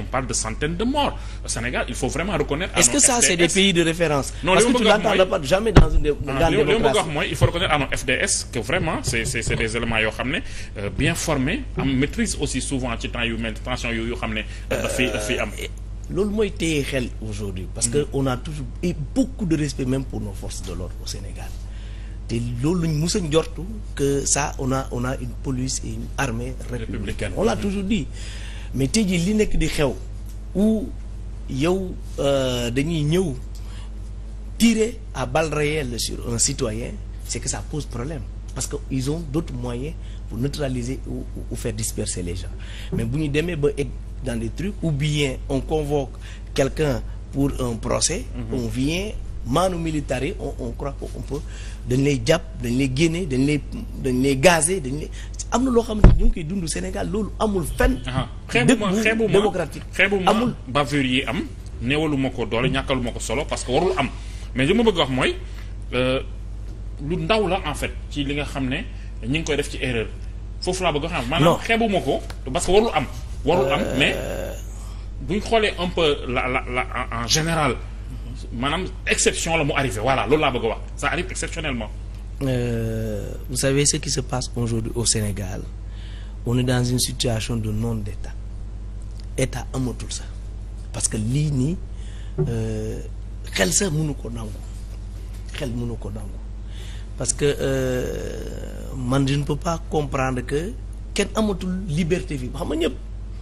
on parle de centaines de morts au Sénégal il faut vraiment reconnaître. à nos FDS que vraiment c'est des éléments yoo xam ne euh, bien formés am maîtrise aussi souvent ci temps yu mel tension yu xam ne euh, euh, dafay dafay am. loolu mooy téye xel aujourd'hui parce que mm-hmm. a toujours et beaucoup de respect même pour nos forces de l'ordre au Sénégal te loolu luñ mës a njortu que ça on a une police et une armée républicaine on l'a mm-hmm. toujours dit mais tey jii li nekk di xew où yow euh, dañuy ñëw tire à bal réelles sur un citoyen c'est que ça pose problème parce que ils ont d'autres moyens pour neutraliser ou, ou faire disperser les gens mais bu ñu demee ba egg dans des trucs ou bien on convoque quelqu'un pour un procès mm -hmm. on vient maanu militaire on on croit qu'on peut dañ lay jàpp dañ lay génne dañ lay dañ gazé dañ lay am na loo xam ne ñu ngi koy dund Sénégal loolu amul fenn. xeebuma xeebuma démocratique amul bavure yi am néewaluma ko doole ñàkkaluma ko solo parce que warul am mais li ma bëgg wax mooy euh, lu ndaw la en fait ci li nga xam ne ñi ngi koy def ci erreur foofu laa bëgg a xam. maanaam xeebuma ko parce que warul am. warul am euh. mais bu ñu xoolee un peu la la la en général maanaam exception la mu arrivé voilà loolu laa bëgg a wax ça arrive exceptionnellement. euh, vous savez ce qui se passe aujourd'hui au Sénégal on est dans une situation de non d'état état amatul sax parce que lii nii euh, xel sax mënu ko nangu xel mënu ko nangu parce que euh, man je ne peux pas comprendre que kenn amatul liberté bi xam nga ñëpp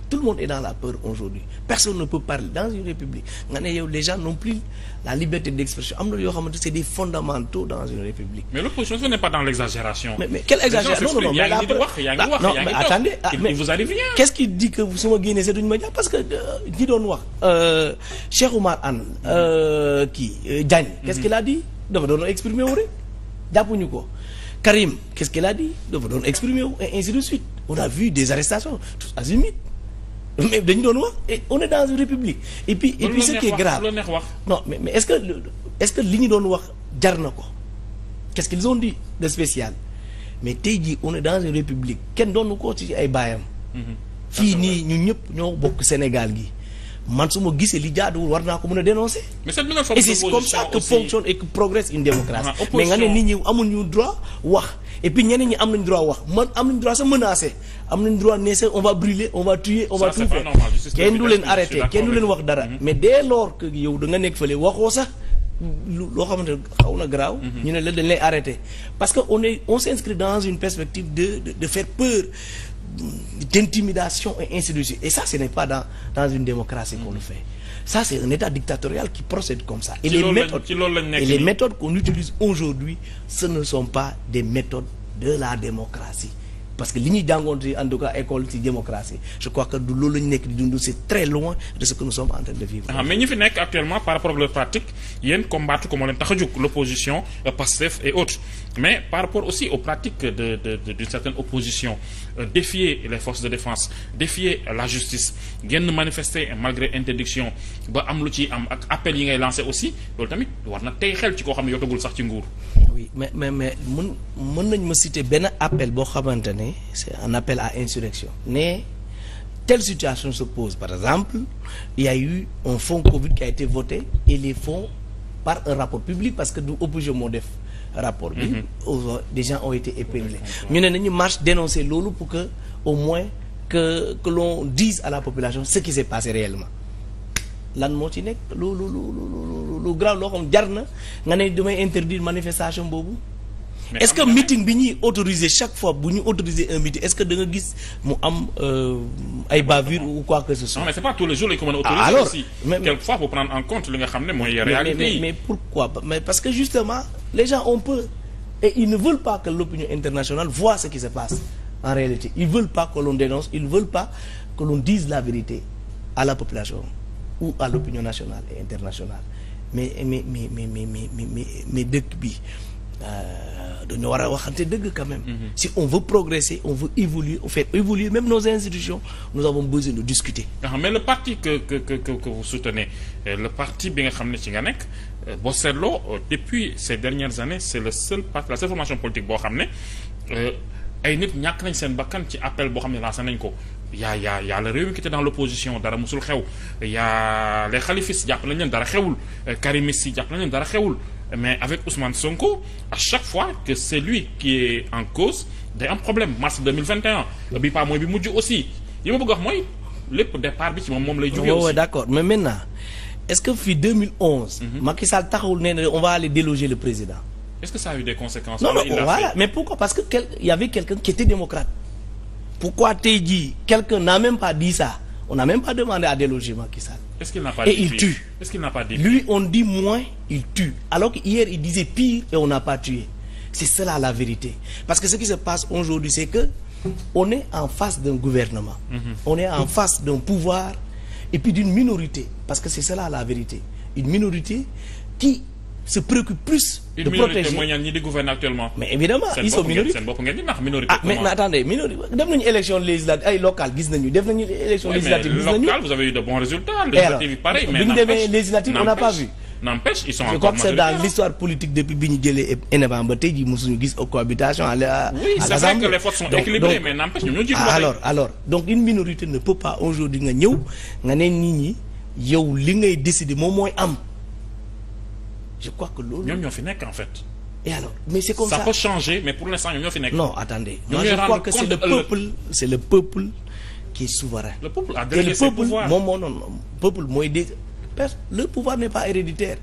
tout le monde est dans la peur aujourd'hui personne ne peut parler dans une république nga ne yow les gens plus la liberté d'expression am na yoo xamante c'est des fondamentaux dans une république. mais l'opposition ce n'est pas dans l'exagération. mais mais quelle mais la non non mais ce qui dit que su ma génnee sax duñu ma jàpp parce que euh, ñi doon wax. Euh, Cheikh Oumar Anne. Euh, kii Diagne. qu'est-ce qu'il a dit dafa doon exprimer ko. Karim qu'est-ce qu'il a dit dafa doon exprimer wu et ainsi de suite on mais dañu doon wax on est dans une république. et puis et puis ce qui est grave non mais mais est-ce que est-ce que li ñu doon wax jar na ko qu'est-ce qu'ils ont dit de spécial mais tey ji on est dans république kenn doon ko ci ay baayam. Mhm. fii nii ñun ñëpp ñoo bokk Sénégal gi. man su ma gisee li jaaduwul war naa ko mën a dénoncer. mais cette nouvelle forme d'opposition aussi et c'est comme ça que fonctionne et que progresse démocratie. Ah, mais nga ne nit ñi amul ñu droit wax et puis ñeneen ñi am nañ droit wax man am nañ droit sa menacer am nañ droit ne on va brûler on va tuer on va tout faire kenn du leen arrêté kenn du leen wax dara. mais dès lors que yow da nga nekk fële waxoo sax. loo xamante ne xaw na graaw mm-hmm. ñu ne la dañ lay arrêté parce que on est on s'inscrit dans une d'intimidation et ainsi de suite. Et ça, ce n'est pas dans, dans une démocratie qu'on le fait. Ça, c'est un État dictatorial qui procède comme ça. les méthodes, et les méthodes qu'on utilise aujourd'hui, ce ne sont pas des méthodes de la démocratie. parce que li ñuy jàngoon ci en école ci démocratie je crois que loolu la nekk di dund c' très loin de ce que nous sommes en de vivre. Ah, mais ñi fi nekk actuellement par rapport ak leur pratique yéen combattre ko moo leen tax a jóg l' opposition euh, Pastef et autres mais par rapport aussi aux pratiques de de d' certaine opposition euh, défier les forces de défense défier la justice génn manifester malgré interdiction ba am lu ci am ak appel yi ngay lancé aussi loolu tamit war na ne c'est un appel à insurrection mais telle situation se pose par exemple il y a eu un fonds Covid qui a été voté et les fonds par un rapport public parce que du obligé moo def rapport bi mm -hmm. des gens ont été épinglés ñu ne nañu marche dénoncer loolu pour que au moins que que l'on dise à la population ce qui s'est passé réellement lan moo ci nekk lu lu lu lu lu grave loo xam jar na nga ne damay interdire manifestation boobu est-ce que meeting bi ñuy autoriser chaque fois bu ñu autoriser un meeting est-ce que da nga gis mu am euh, ay bavure ou quoi que ce soit. non c'est pas tous les jours lañ ko a autoriser. Ah, alors quelquefois pour prendre en compte li nga xam ne mooy. réalité mais pourquoi mais parce que justement les gens ont peur et ils ne veulent pas que l'opinion internationale voit ce qui se l'on dénonce ils veulent pas que l'on dise la vérité à la population ou à l'opinion nationale et internationale mais mais mais mais mais mais mais dëkk bi. Euh, dañu war a waxante dëgg quand même. Mm-hmm. si on veut progresser on veut évoluer on fait évoluer même nos institutions nous avons besoin de discuter. Ah, mais le parti que que que que vous soutenez euh, le parti bi nga xam ne ci nga nekk euh, boo seetloo depuis ces dernières années c'est le seul parti la seule formation politique boo xam ne ay nit ñàkk nañ seen bakkan ci appel boo xam ne lancé nañ ko. yaa yaa yaa la réew mi qui était dans l'opposition dara mosul xew yaa les xalifis jàpp nañ leen dara xewul karimis yi jàpp nañ leen dara xewul. mais avec Ousmane Sonko à chaque fois que c'est qui est en cause day am problème mars 2021 bi pas mooy bi mujj aussi li ma bëgg wax mooy lépp départ bi ci moom moom lay jógee aussi d'accord mais maintenant est-ce que fii 2011 mhm. ne on va aller déloger le président est-ce que ça a eu des conséquences non non voilà mais pourquoi parce que quel y avait quelqu'un qui était démocrate pourquoi tey jii quelqu'un n'a même pas di ça on n'a même pas demandé à déloger Macky Est-ce qu'il n'a pas et dit il pire? tue. Est-ce qu'il n'a pas dit Lui, on dit moins, il tue. Alors qu'hier, il disait pire et on n'a pas tué. C'est cela la vérité. Parce que ce qui se passe aujourd'hui, c'est que on est en face d'un gouvernement. Mm -hmm. On est en face d'un pouvoir et puis d'une minorité. Parce que c'est cela la vérité. Une minorité qui se préoccupe plus. de une mais évidemment ils sont minori ah mais mais attendez minorité def nañu élection législative ay locale gis nañu def nañu élection législative gis nañu législative yi pareil mais ñu demee législative on n'a pas vu. n'empêche ils sont encore majoritaires dans l'histoire politique depuis bi ñu jëlee ENEVA ba tey jii mosuñu gis cohabitation ah, alors alors donc une minorité ne peut pas aujourd'hui nga ñëw nga ne nit ñi yow li je crois que loolu. ñoom ñoo fi nekk en fait. et alors mais c'est comme ça ça peut changer mais ñoo fi nekk. non je crois que c'est le peuple c'est le peuple qui est souverain. le peuple a moom moo noonu peuple mooy dégg. le pouvoir n'est pas héréditaire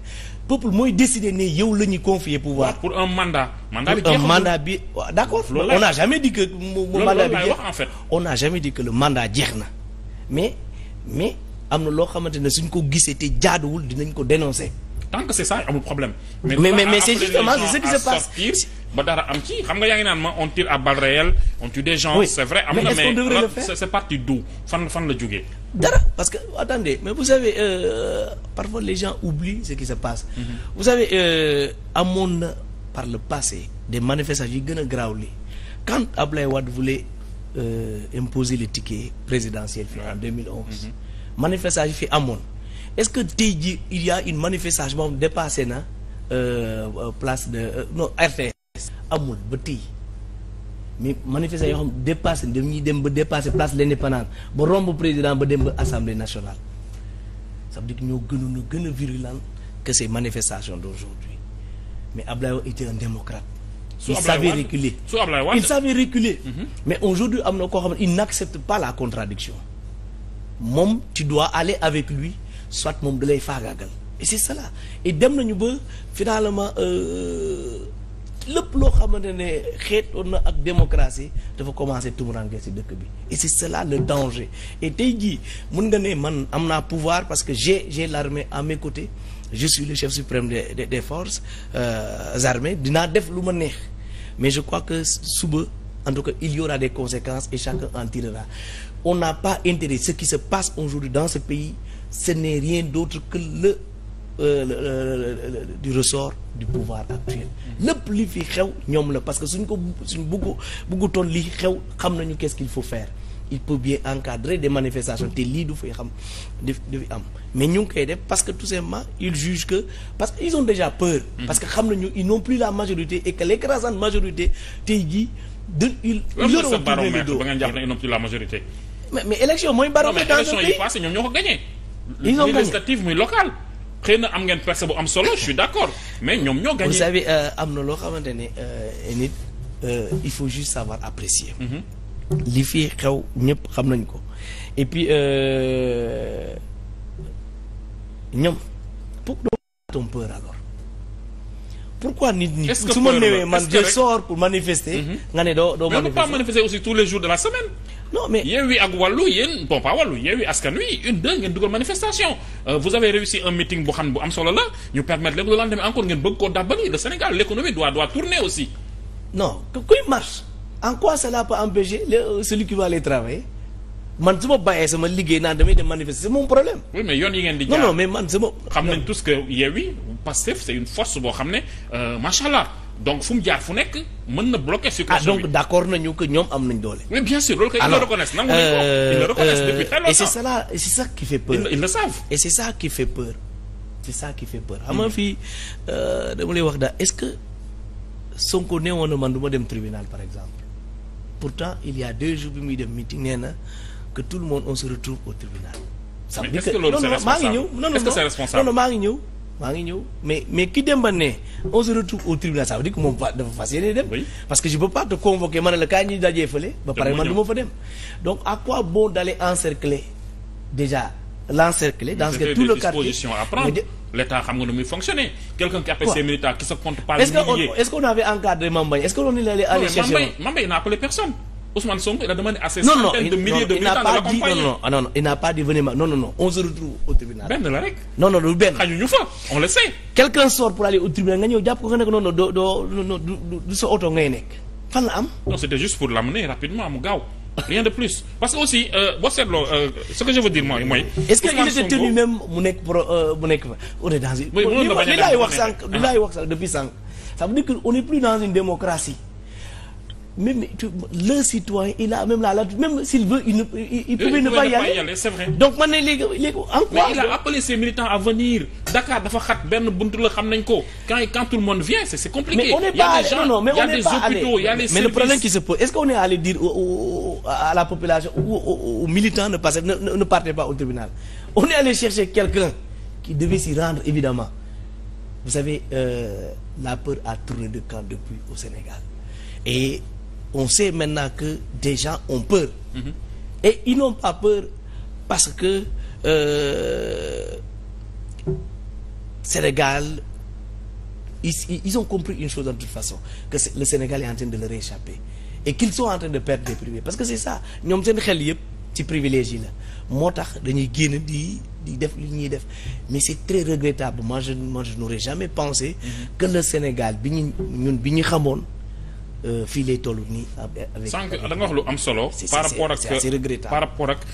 peuple mooy décider ne yow la ñuy confier pouvoir. pour un mandat. mandat bi un mandat bi waaw d'accord. on n'a jamais dit que. mandat bi jeex en fait. on n'a jamais dit que jeex na mais mais am na loo xamante ne suñ ko gisee te jaaduwul dinañ ko dénoncer. tant que c'est ça amul problème. mais mais mais, mais c'est justement c'est ce qui se passe ba dara am ci xam nga yaa ngi naan ma on tire à balles réelles on tue des gens. Oui. c'est vrai am na mais, mais, mais c'est, c'est parti d'où fan la jógee. dara parce que attendez mais vous savez euh, parfois les gens oublient ce qui se passe. Mm-hmm. vous savez euh, amoon na par le passé des manifestations yi gën a graaw li quand Ablaye Wade vule euh, imposer le ticket présidentiel fii en 2011. Mm-hmm. manifestations fi amoon. est-ce que tey jii il y une manifestation boo xam dépassé na euh, euh, place de euh, non RTS amul ba tey mais manifestation yoo xam dépassé dañuy dem ba dépassé place l'Indépendance ba romb président ba dem ba assemblée nationale ça veut dire que ñoo gënoon a gën a virulent que ces manifestations d'aujourd'hui mais Ablaye Wade était un démocrate il savait reculer mm-hmm. mais aujourd'hui am na koo xam ne il n'accepte pas la contradiction moom tu dois aller avec lui soit moom da lay faagaagal et c'est cela et dem nañu ba finalement euh, lépp loo xamante ne xeet xeetoon na ak démocratie dafa commencé tumuranke si dëkk bi et c'est cela le danger et tey jii mun nga ne man am naa pouvoir parce que j'ai j'ai l'armée à mes côté je suis le chef suprême des des, des forces euh, dinaa def lu ma neex mais je crois que suba en tout cas il y aura des conséquences et chacun en tirera on n'a pas intérêt ce qui se passe aujourd'hui dans ce n'est rien d'autre que euh, le du ressort du pouvoir actuel lépp li fi xew ñoom la parce que suñ ko suñ bugg buggutoon li xew xam nañu qu'est-ce qu'il faut faire il peut bien encadrer des manifestations te lii du fay xam du fi am mais ñu ngi koy def parce que tout simplement ils jugent que parce que ils ont déjà peur mm-hmm. parce que xam nañu ils n'ont plus la majorité et que l'écrasante majorité tey jii de il leur le dos ils la majorité mais élection mooy baromètre dans le pays élection yi passé ñoom ils ont gagné législative muy xëy na am ngeen percée bu am solo je suis d'accord mais ñoom ñoo gagné. vous savez euh, am na loo xamante ne euh, nit euh, il faut juste savoir apprécier. Mhm. li fi xew ñëpp xam nañ ko et puis ñoom pour doo pourquoi nit ñi su ma newee man je sors pour manifester mhm. nga ne doo doo manifester aussi tous les jours de la semaine non mais Yewwi ak wàllu yéen bon pas wàllu Yewwi askan wi une deux ngeen dugal manifestation euh, vous avez réussi un meeting bu xam bu am solo la ñu permettre leen le lendemain encore ngeen bëgg koo dàbbali le Sénégal l'économie doit doit tourner aussi non kuy marche en quoi cela peut empêcher euh, celui qui va aller travailler man su ma bàyyee sama liggéey naan damay dem manifester c'est mon problème. oui mais di. jaar non non mais man sama. xam nañ tous que Yewwi Pastef c'est une force boo xam ne euh, macha allah donc fu mu jaar fu nekk mën na bloquer. situation ah donc d'accord nañu que ñoom am nañ doole. oui bien sûr loolu kay ils le reconnaissent. nangu nañ ko euh, ils le reconnaissent depuis très longtemps. Euh, et c'est ça et c'est ça qui fait peur. ils le savent. et c'est ça qui fait peur c'est ça dama lay wax daal est-ce que Sonko neewoon na man du ma dem tribunal par exemple pourtant il y a deux jours bi muy dem meeting nee na. que tout le monde on se retrouve au tribunal. ça veut dire que non non maa ngi ñëw non non non maa ngi ñëw. maa ngi ñëw mais mais ki dem ba ne on se retrouve au tribunal ça veut dire que moom dafa fas yéene dem. parce que je peux pas te convoquer ma ne la kaay ñuy dajee fële. ba pare man du ma fa dem. donc à quoi bon d'aller encercler déjà l'encercler dans ce cas tout le quartier à prendre. l'état xam nga nu muy fonctionner. quelqu'un qui appelle ses militaires qui se compte pas. est-ce que on est-ce qu'on avait encadré Mame Mbaye est-ce que on est allé chercher Mame Mbaye n'a appelé personne. Ousmane Sonko il a demandé à ses non, centaines non, de milliers non, de militants de l'accompagner. Non, ah, non, non, il n'a pas dit venez ma... Non, non, non, on se retrouve au tribunal. benn la rek. non non du benn. xañuñu fa on le sait. quelqu'un sort pour aller au tribunal nga ñëw jàpp ko nga nekk non non doo doo du sa oto ngay nekk fan la am. non c'était juste pour l'amener rapidement mu gaaw. rien de plus parce que aussi euh, boo seetloo euh, ce que je veux dire mooy mooy. est-ce que il était tenu même mu nekk pro euh, mu nekk fa on oh, est dans une. li laay wax sànq li laay wax sànq depuis sànq. ça veut dire que on est plus dans une démocratie. même tu, le citoyen il a même la latitude même s'il veut il ne ne pas y aller, donc man ne léegi léegi en quoi. mais il a appelé ses militants à venir Dakar dafa xat benn buntu la xam nañ ko quand quand tout le monde vient c'est c'est compliqué. mais on n'est pas allé non non mais on n'est pas allé mais le problème qui se pose est-ce qu'on est allé dire au, à la population ou aux, ne passez ne, ne pas au tribunal on est allé chercher quelqu'un qui devait s'y rendre évidemment vous savez euh, la peur on sait maintenant que des gens ont peur. Mm -hmm. Et ils n'ont pas peur parce que euh, Sénégal, ils, ils, ont compris une chose de toute façon, que le Sénégal est en train de leur échapper. Et qu'ils sont en train de perdre des privés. Parce que c'est ça, ñoom nous sommes en ci privilégié la moo tax dañuy génn di di def li ñuy def mais c'est très regrettable moi je moi je n'aurais jamais pensé mm-hmm. que le Sénégal bi ñu ñun bi ñu xamoon Euh, fii lay toll nii. sànq da nga wax lu am solo. par rapport ak par rapport ak.